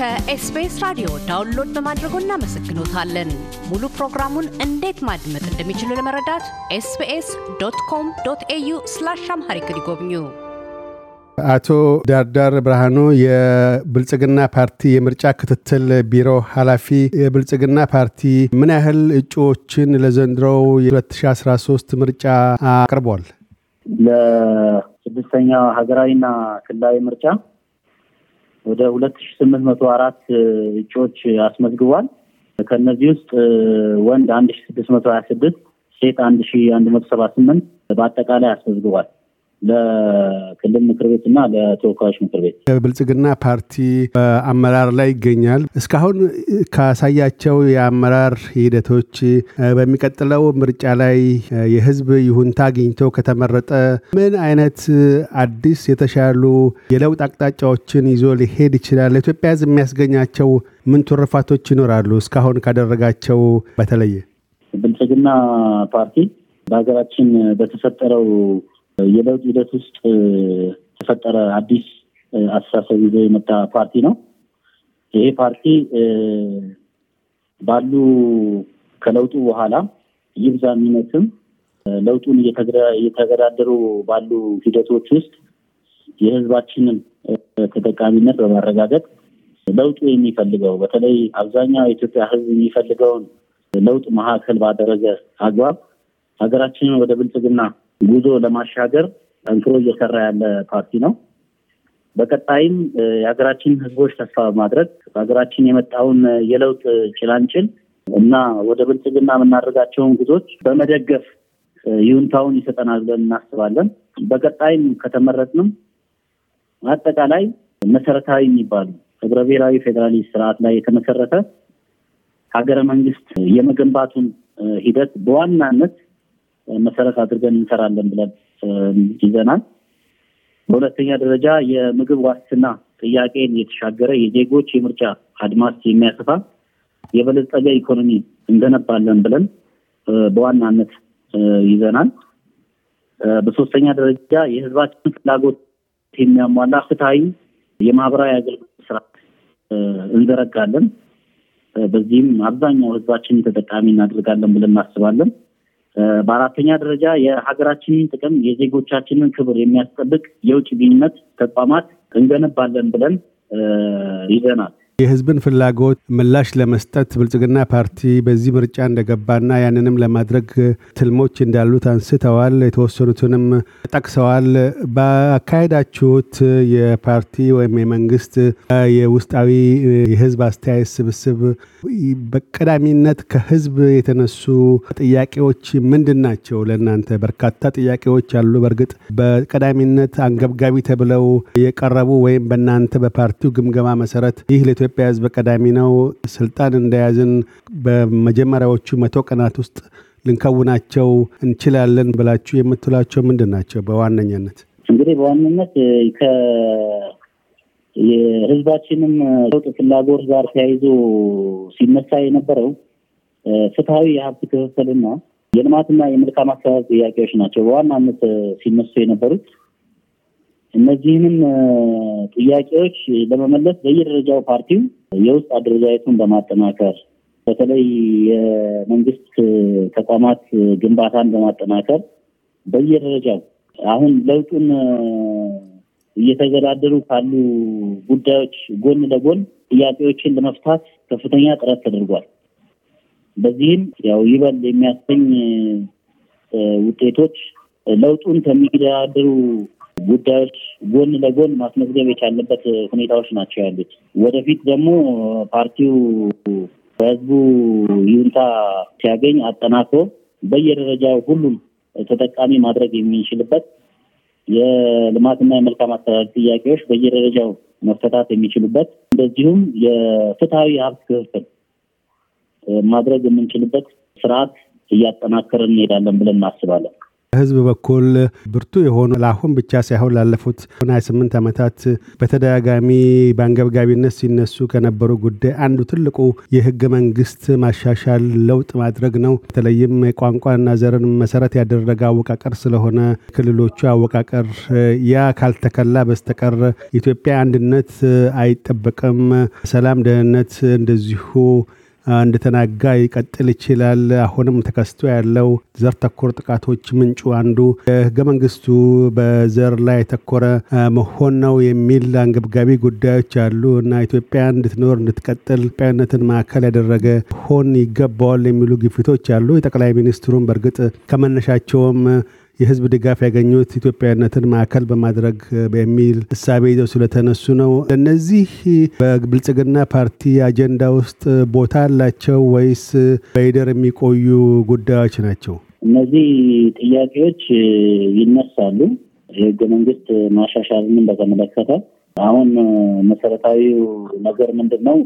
ከኤስቢኤስ ራዲዮ ዳውንሎድ በማድረጎ እናመሰግኖታለን። ሙሉ ፕሮግራሙን እንዴት ማድመጥ እንደሚችሉ ለመረዳት ኤስቢኤስ ዶት ኮም ዶት ኤዩ ስላሽ አምሃሪክ ይጎብኙ። አቶ ዳርዳር ብርሃኑ የብልጽግና ፓርቲ የምርጫ ክትትል ቢሮ ኃላፊ፣ የብልጽግና ፓርቲ ምን ያህል እጩዎችን ለዘንድሮው የ2013 ምርጫ አቅርቧል? ለስድስተኛ ሀገራዊና ክልላዊ ምርጫ ወደ ሁለት ሺ ስምንት መቶ አራት እጩዎች አስመዝግቧል። ከእነዚህ ውስጥ ወንድ አንድ ሺ ስድስት መቶ ሀያ ስድስት ሴት አንድ ሺ አንድ መቶ ሰባ ስምንት በአጠቃላይ አስመዝግቧል። ለክልል ምክር ቤት እና ለተወካዮች ምክር ቤት የብልጽግና ፓርቲ በአመራር ላይ ይገኛል። እስካሁን ካሳያቸው የአመራር ሂደቶች በሚቀጥለው ምርጫ ላይ የህዝብ ይሁንታ አግኝቶ ከተመረጠ ምን አይነት አዲስ የተሻሉ የለውጥ አቅጣጫዎችን ይዞ ሊሄድ ይችላል? ለኢትዮጵያ ህዝብ የሚያስገኛቸው ምን ትሩፋቶች ይኖራሉ? እስካሁን ካደረጋቸው በተለየ ብልጽግና ፓርቲ በሀገራችን በተፈጠረው የለውጥ ሂደት ውስጥ የተፈጠረ አዲስ አስተሳሰብ ይዞ የመጣ ፓርቲ ነው። ይሄ ፓርቲ ባሉ ከለውጡ በኋላ ይብዛ የሚነትም ለውጡን እየተገዳደሩ ባሉ ሂደቶች ውስጥ የህዝባችንን ተጠቃሚነት በማረጋገጥ ለውጡ የሚፈልገው በተለይ አብዛኛው የኢትዮጵያ ህዝብ የሚፈልገውን ለውጥ መካከል ባደረገ አግባብ ሀገራችንን ወደ ብልጽግና ጉዞ ለማሻገር ጠንክሮ እየሰራ ያለ ፓርቲ ነው። በቀጣይም የሀገራችን ህዝቦች ተስፋ በማድረግ በሀገራችን የመጣውን የለውጥ ጭላንጭል እና ወደ ብልጽግና የምናደርጋቸውን ጉዞች በመደገፍ ይሁንታውን ይሰጠናል ብለን እናስባለን። በቀጣይም ከተመረጥንም አጠቃላይ መሰረታዊ የሚባሉ ህብረ ብሔራዊ ፌዴራሊስት ስርዓት ላይ የተመሰረተ ሀገረ መንግስት የመገንባቱን ሂደት በዋናነት መሰረት አድርገን እንሰራለን ብለን ይዘናል። በሁለተኛ ደረጃ የምግብ ዋስትና ጥያቄን የተሻገረ የዜጎች የምርጫ አድማስ የሚያሰፋ የበለጸገ ኢኮኖሚ እንገነባለን ብለን በዋናነት ይዘናል። በሶስተኛ ደረጃ የህዝባችን ፍላጎት የሚያሟላ ፍትሐዊ የማህበራዊ አገልግሎት ስርዓት እንዘረጋለን። በዚህም አብዛኛው ህዝባችን ተጠቃሚ እናደርጋለን ብለን እናስባለን። በአራተኛ ደረጃ የሀገራችንን ጥቅም የዜጎቻችንን ክብር የሚያስጠብቅ የውጭ ግንኙነት ተቋማት እንገነባለን ብለን ይዘናል። የህዝብን ፍላጎት ምላሽ ለመስጠት ብልጽግና ፓርቲ በዚህ ምርጫ እንደገባና ያንንም ለማድረግ ትልሞች እንዳሉት አንስተዋል። የተወሰኑትንም ጠቅሰዋል። ባካሄዳችሁት የፓርቲ ወይም የመንግስት የውስጣዊ የህዝብ አስተያየት ስብስብ በቀዳሚነት ከህዝብ የተነሱ ጥያቄዎች ምንድን ናቸው? ለእናንተ በርካታ ጥያቄዎች አሉ። በእርግጥ በቀዳሚነት አንገብጋቢ ተብለው የቀረቡ ወይም በእናንተ በፓርቲው ግምገማ መሰረት ይህ የኢትዮጵያ ህዝብ ቀዳሚ ነው። ስልጣን እንደያዝን በመጀመሪያዎቹ መቶ ቀናት ውስጥ ልንከውናቸው እንችላለን ብላችሁ የምትሏቸው ምንድን ናቸው? በዋነኛነት እንግዲህ በዋነኛነት የህዝባችንም ለውጥ ፍላጎት ጋር ተያይዞ ሲነሳ የነበረው ፍትሐዊ የሀብት ክፍፍልና የልማትና የመልካም አካባቢ ጥያቄዎች ናቸው በዋናነት ሲነሱ የነበሩት። እነዚህንም ጥያቄዎች ለመመለስ በየደረጃው ፓርቲው የውስጥ አደረጃጀቱን በማጠናከር በተለይ የመንግስት ተቋማት ግንባታን በማጠናከር በየደረጃው አሁን ለውጡን እየተገዳደሩ ካሉ ጉዳዮች ጎን ለጎን ጥያቄዎችን ለመፍታት ከፍተኛ ጥረት ተደርጓል። በዚህም ያው ይበል የሚያሰኝ ውጤቶች ለውጡን ከሚገዳደሩ ጉዳዮች ጎን ለጎን ማስመዝገብ የቻለበት ሁኔታዎች ናቸው ያሉት። ወደፊት ደግሞ ፓርቲው በህዝቡ ይሁንታ ሲያገኝ አጠናክሮ በየደረጃው ሁሉም ተጠቃሚ ማድረግ የሚችልበት የልማትና የመልካም አስተዳደር ጥያቄዎች በየደረጃው መፈታት የሚችሉበት እንደዚሁም የፍትሐዊ ሀብት ክፍፍል ማድረግ የምንችልበት ስርዓት እያጠናከርን እንሄዳለን ብለን እናስባለን። ህዝብ በኩል ብርቱ የሆኑ ለአሁን ብቻ ሳይሆን ላለፉት 28 ዓመታት በተደጋጋሚ በአንገብጋቢነት ሲነሱ ከነበሩ ጉዳይ አንዱ ትልቁ የህገ መንግስት ማሻሻል ለውጥ ማድረግ ነው። በተለይም ቋንቋና ዘርን መሰረት ያደረገ አወቃቀር ስለሆነ ክልሎቹ አወቃቀር ያ ካልተከላ በስተቀር ኢትዮጵያ አንድነት አይጠበቅም። ሰላም፣ ደህንነት እንደዚሁ እንደተናጋ ይቀጥል ይችላል። አሁንም ተከስቶ ያለው ዘር ተኮር ጥቃቶች ምንጩ አንዱ ህገ መንግስቱ በዘር ላይ የተኮረ መሆን ነው የሚል አንገብጋቢ ጉዳዮች አሉ እና ኢትዮጵያ እንድትኖር እንድትቀጥል ኢትዮጵያዊነትን ማዕከል ያደረገ ሆን ይገባዋል የሚሉ ግፊቶች አሉ። የጠቅላይ ሚኒስትሩን በእርግጥ ከመነሻቸውም የህዝብ ድጋፍ ያገኙት ኢትዮጵያዊነትን ማዕከል በማድረግ በሚል እሳቤ ይዘው ስለተነሱ ነው። እነዚህ በብልጽግና ፓርቲ አጀንዳ ውስጥ ቦታ አላቸው ወይስ በይደር የሚቆዩ ጉዳዮች ናቸው? እነዚህ ጥያቄዎች ይነሳሉ። የህገ መንግስት ማሻሻልንም በተመለከተ አሁን መሰረታዊው ነገር ምንድን ነው?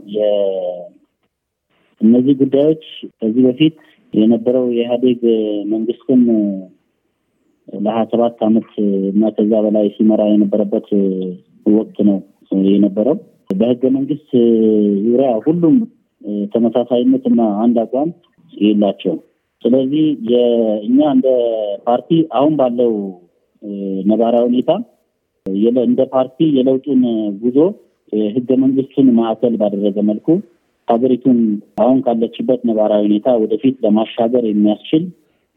እነዚህ ጉዳዮች ከዚህ በፊት የነበረው የኢህአዴግ መንግስትም ለሀያ ሰባት አመት እና ከዛ በላይ ሲመራ የነበረበት ወቅት ነው የነበረው። በህገ መንግስት ዙሪያ ሁሉም ተመሳሳይነት እና አንድ አቋም የላቸውም። ስለዚህ እኛ እንደ ፓርቲ አሁን ባለው ነባራዊ ሁኔታ እንደ ፓርቲ የለውጡን ጉዞ ህገ መንግስቱን ማዕከል ባደረገ መልኩ ሀገሪቱን አሁን ካለችበት ነባራዊ ሁኔታ ወደፊት ለማሻገር የሚያስችል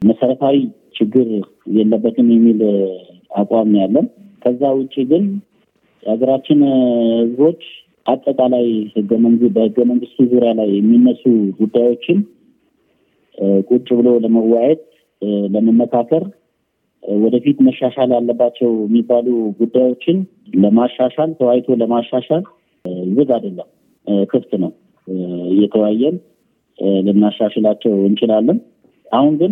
መሰረታዊ ችግር የለበትም የሚል አቋም ያለን። ከዛ ውጭ ግን የሀገራችን ህዝቦች አጠቃላይ ህገ መንግስት በህገ መንግስቱ ዙሪያ ላይ የሚነሱ ጉዳዮችን ቁጭ ብሎ ለመወያየት፣ ለመመካከር ወደፊት መሻሻል ያለባቸው የሚባሉ ጉዳዮችን ለማሻሻል ተወያይቶ ለማሻሻል ዝግ አይደለም፣ ክፍት ነው። እየተወያየን ልናሻሽላቸው እንችላለን። አሁን ግን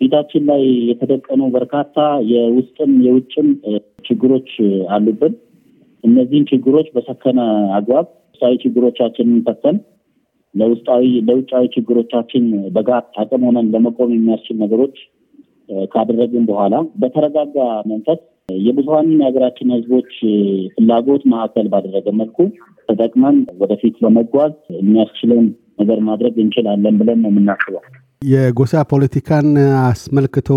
ፊታችን ላይ የተደቀኑ በርካታ የውስጥም የውጭም ችግሮች አሉብን። እነዚህን ችግሮች በሰከነ አግባብ ውስጣዊ ችግሮቻችንን ፈተን ለውስጣዊ ለውጫዊ ችግሮቻችን በጋራ አቅም ሆነን ለመቆም የሚያስችል ነገሮች ካደረግን በኋላ በተረጋጋ መንፈስ የብዙሀንን የሀገራችን ህዝቦች ፍላጎት ማዕከል ባደረገ መልኩ ተጠቅመን ወደፊት ለመጓዝ የሚያስችለን ነገር ማድረግ እንችላለን ብለን ነው የምናስበው። የጎሳ ፖለቲካን አስመልክቶ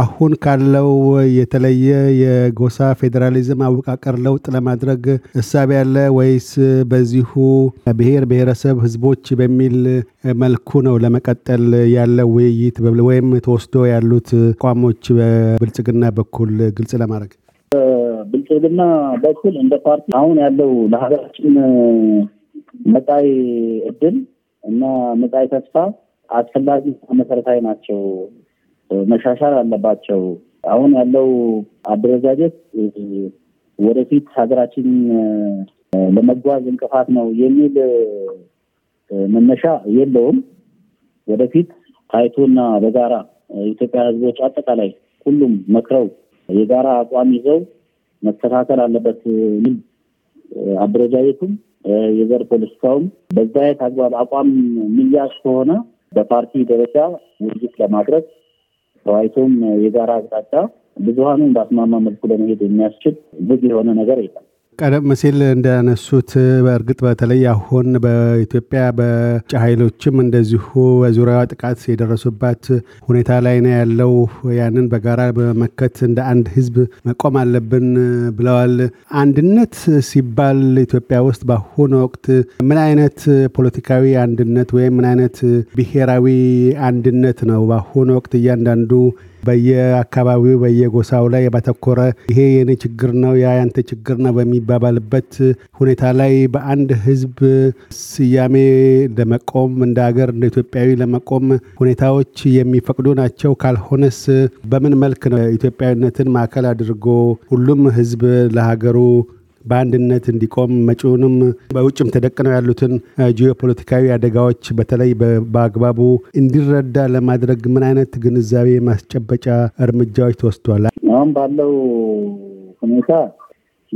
አሁን ካለው የተለየ የጎሳ ፌዴራሊዝም አወቃቀር ለውጥ ለማድረግ እሳቢ ያለ ወይስ በዚሁ ብሔር ብሔረሰብ ህዝቦች በሚል መልኩ ነው ለመቀጠል ያለው ውይይት ወይም ተወስዶ ያሉት አቋሞች በብልጽግና በኩል ግልጽ ለማድረግ ብልጽግና በኩል እንደ ፓርቲ አሁን ያለው ለሀገራችን መጣይ እድል እና መጣይ ተስፋ አስፈላጊ መሰረታዊ ናቸው፣ መሻሻል አለባቸው። አሁን ያለው አደረጃጀት ወደፊት ሀገራችን ለመጓዝ እንቅፋት ነው የሚል መነሻ የለውም። ወደፊት ታይቶና በጋራ የኢትዮጵያ ሕዝቦች አጠቃላይ ሁሉም መክረው የጋራ አቋም ይዘው መስተካከል አለበት ምል አደረጃጀቱም የዘር ፖለቲካውም በዛ አይነት አግባብ አቋም የሚያዝ ከሆነ በፓርቲ ደረጃ ውይይት ለማድረግ ተዋይቶም የጋራ አቅጣጫ ብዙሀኑን በአስማማ መልኩ ለመሄድ የሚያስችል ብዙ የሆነ ነገር የለም። ቀደም ሲል እንዳነሱት በእርግጥ በተለይ አሁን በኢትዮጵያ በውጭ ኃይሎችም እንደዚሁ በዙሪያዋ ጥቃት የደረሱባት ሁኔታ ላይ ነው ያለው። ያንን በጋራ በመመከት እንደ አንድ ሕዝብ መቆም አለብን ብለዋል። አንድነት ሲባል ኢትዮጵያ ውስጥ በአሁኑ ወቅት ምን አይነት ፖለቲካዊ አንድነት ወይም ምን አይነት ብሔራዊ አንድነት ነው በአሁኑ ወቅት እያንዳንዱ በየአካባቢው በየጎሳው ላይ ባተኮረ ይሄ የኔ ችግር ነው ያ ያንተ ችግር ነው በሚባባልበት ሁኔታ ላይ በአንድ ህዝብ ስያሜ ለመቆም እንደ ሀገር እንደ ኢትዮጵያዊ ለመቆም ሁኔታዎች የሚፈቅዱ ናቸው። ካልሆነስ በምን መልክ ነው ኢትዮጵያዊነትን ማዕከል አድርጎ ሁሉም ህዝብ ለሀገሩ በአንድነት እንዲቆም መጪውንም በውጭም ተደቅነው ያሉትን ጂኦፖለቲካዊ አደጋዎች በተለይ በአግባቡ እንዲረዳ ለማድረግ ምን አይነት ግንዛቤ ማስጨበጫ እርምጃዎች ተወስዷል? አሁን ባለው ሁኔታ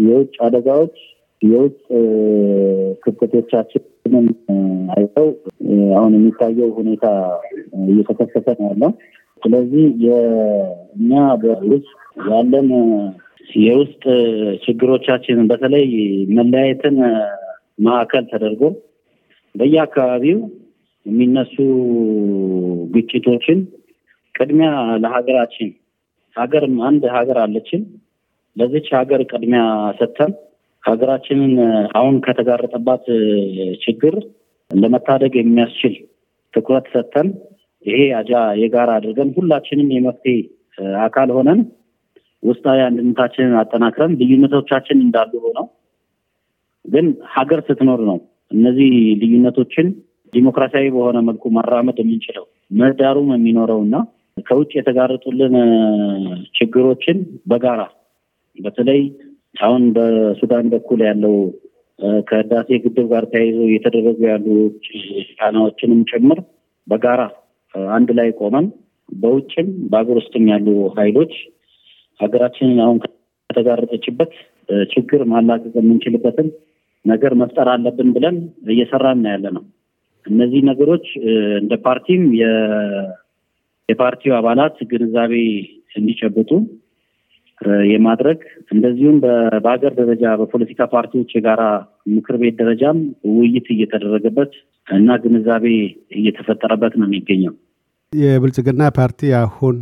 የውጭ አደጋዎች የውጭ ክፍተቶቻችንን አይተው አሁን የሚታየው ሁኔታ እየተከሰተ ነው ያለው። ስለዚህ እኛ በውስጥ ያለን የውስጥ ችግሮቻችን በተለይ መለያየትን ማዕከል ተደርጎ በየአካባቢው የሚነሱ ግጭቶችን ቅድሚያ ለሀገራችን ሀገር አንድ ሀገር አለችን። ለዚች ሀገር ቅድሚያ ሰጥተን ሀገራችንን አሁን ከተጋረጠባት ችግር ለመታደግ የሚያስችል ትኩረት ሰጥተን ይሄ አጃ የጋራ አድርገን ሁላችንም የመፍትሄ አካል ሆነን ውስጣዊ አንድነታችንን አጠናክረን ልዩነቶቻችን እንዳሉ ሆነው ግን ሀገር ስትኖር ነው እነዚህ ልዩነቶችን ዲሞክራሲያዊ በሆነ መልኩ ማራመድ የምንችለው ምህዳሩም የሚኖረው እና ከውጭ የተጋረጡልን ችግሮችን በጋራ በተለይ አሁን በሱዳን በኩል ያለው ከህዳሴ ግድብ ጋር ተያይዞ እየተደረጉ ያሉ ጫናዎችንም ጭምር በጋራ አንድ ላይ ቆመን በውጭም በሀገር ውስጥም ያሉ ኃይሎች ሀገራችንን አሁን ከተጋረጠችበት ችግር ማላቀቅ የምንችልበትን ነገር መፍጠር አለብን ብለን እየሰራን ያለ ነው። እነዚህ ነገሮች እንደ ፓርቲም የፓርቲው አባላት ግንዛቤ እንዲጨብጡ የማድረግ እንደዚሁም በሀገር ደረጃ በፖለቲካ ፓርቲዎች የጋራ ምክር ቤት ደረጃም ውይይት እየተደረገበት እና ግንዛቤ እየተፈጠረበት ነው የሚገኘው። የብልጽግና ፓርቲ አሁን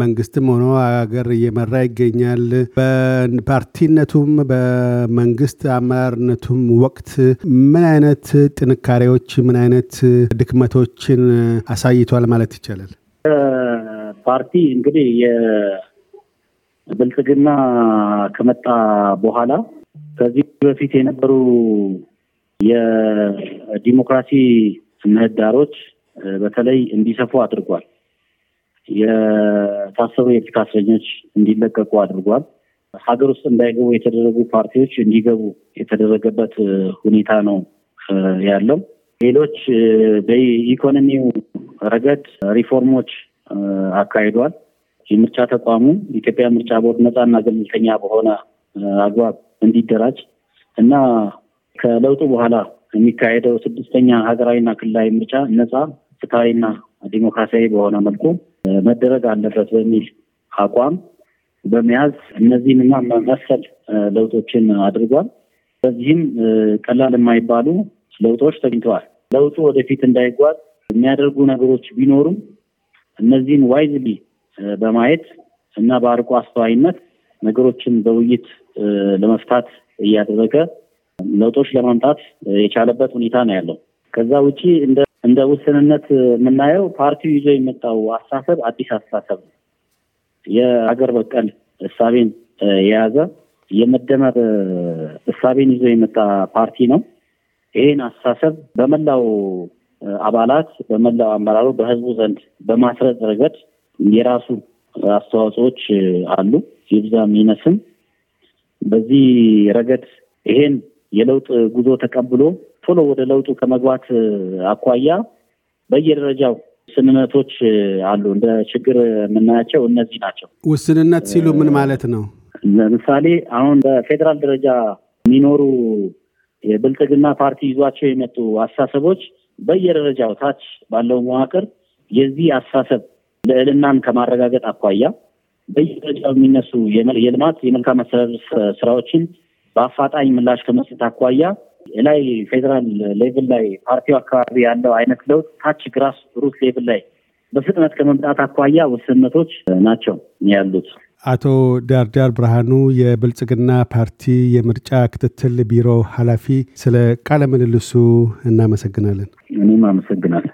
መንግስትም ሆኖ አገር እየመራ ይገኛል። በፓርቲነቱም በመንግስት አመራርነቱም ወቅት ምን አይነት ጥንካሬዎች፣ ምን አይነት ድክመቶችን አሳይቷል ማለት ይቻላል? ፓርቲ እንግዲህ የብልጽግና ከመጣ በኋላ ከዚህ በፊት የነበሩ የዲሞክራሲ ምህዳሮች በተለይ እንዲሰፉ አድርጓል። የታሰሩ የፖለቲካ እስረኞች እንዲለቀቁ አድርጓል። ሀገር ውስጥ እንዳይገቡ የተደረጉ ፓርቲዎች እንዲገቡ የተደረገበት ሁኔታ ነው ያለው። ሌሎች በኢኮኖሚው ረገድ ሪፎርሞች አካሂዷል። የምርጫ ተቋሙ ኢትዮጵያ ምርጫ ቦርድ ነፃና ገለልተኛ በሆነ አግባብ እንዲደራጅ እና ከለውጡ በኋላ የሚካሄደው ስድስተኛ ሀገራዊና ክልላዊ ምርጫ ነፃ ፍትሐዊና ዲሞክራሲያዊ በሆነ መልኩ መደረግ አለበት በሚል አቋም በመያዝ እነዚህንና መሰል ለውጦችን አድርጓል። በዚህም ቀላል የማይባሉ ለውጦች ተገኝተዋል። ለውጡ ወደፊት እንዳይጓዝ የሚያደርጉ ነገሮች ቢኖሩም እነዚህን ዋይዝሊ በማየት እና በአርቆ አስተዋይነት ነገሮችን በውይይት ለመፍታት እያደረገ ለውጦች ለማምጣት የቻለበት ሁኔታ ነው ያለው። ከዛ ውጪ እንደ እንደ ውስንነት የምናየው ፓርቲው ይዞ የመጣው አስተሳሰብ አዲስ አስተሳሰብ ነው። የሀገር በቀል እሳቤን የያዘ የመደመር እሳቤን ይዞ የመጣ ፓርቲ ነው። ይህን አስተሳሰብ በመላው አባላት፣ በመላው አመራሩ፣ በህዝቡ ዘንድ በማስረጽ ረገድ የራሱ አስተዋጽኦዎች አሉ፣ ይብዛም ይነስም። በዚህ ረገድ ይሄን የለውጥ ጉዞ ተቀብሎ ቶሎ ወደ ለውጡ ከመግባት አኳያ በየደረጃው ውስንነቶች አሉ። እንደ ችግር የምናያቸው እነዚህ ናቸው። ውስንነት ሲሉ ምን ማለት ነው? ለምሳሌ አሁን በፌዴራል ደረጃ የሚኖሩ የብልጽግና ፓርቲ ይዟቸው የመጡ አስተሳሰቦች በየደረጃው ታች ባለው መዋቅር የዚህ አስተሳሰብ ልዕልናን ከማረጋገጥ አኳያ በየደረጃው የሚነሱ የልማት የመልካም አስተዳደር ስራዎችን በአፋጣኝ ምላሽ ከመስጠት አኳያ ላይ ፌዴራል ሌቭል ላይ ፓርቲው አካባቢ ያለው አይነት ለውጥ ታች ግራስ ሩት ሌቭል ላይ በፍጥነት ከመምጣት አኳያ ውስንነቶች ናቸው ያሉት። አቶ ዳርዳር ብርሃኑ የብልጽግና ፓርቲ የምርጫ ክትትል ቢሮ ኃላፊ፣ ስለ ቃለ ምልልሱ እናመሰግናለን። እኔም አመሰግናለን።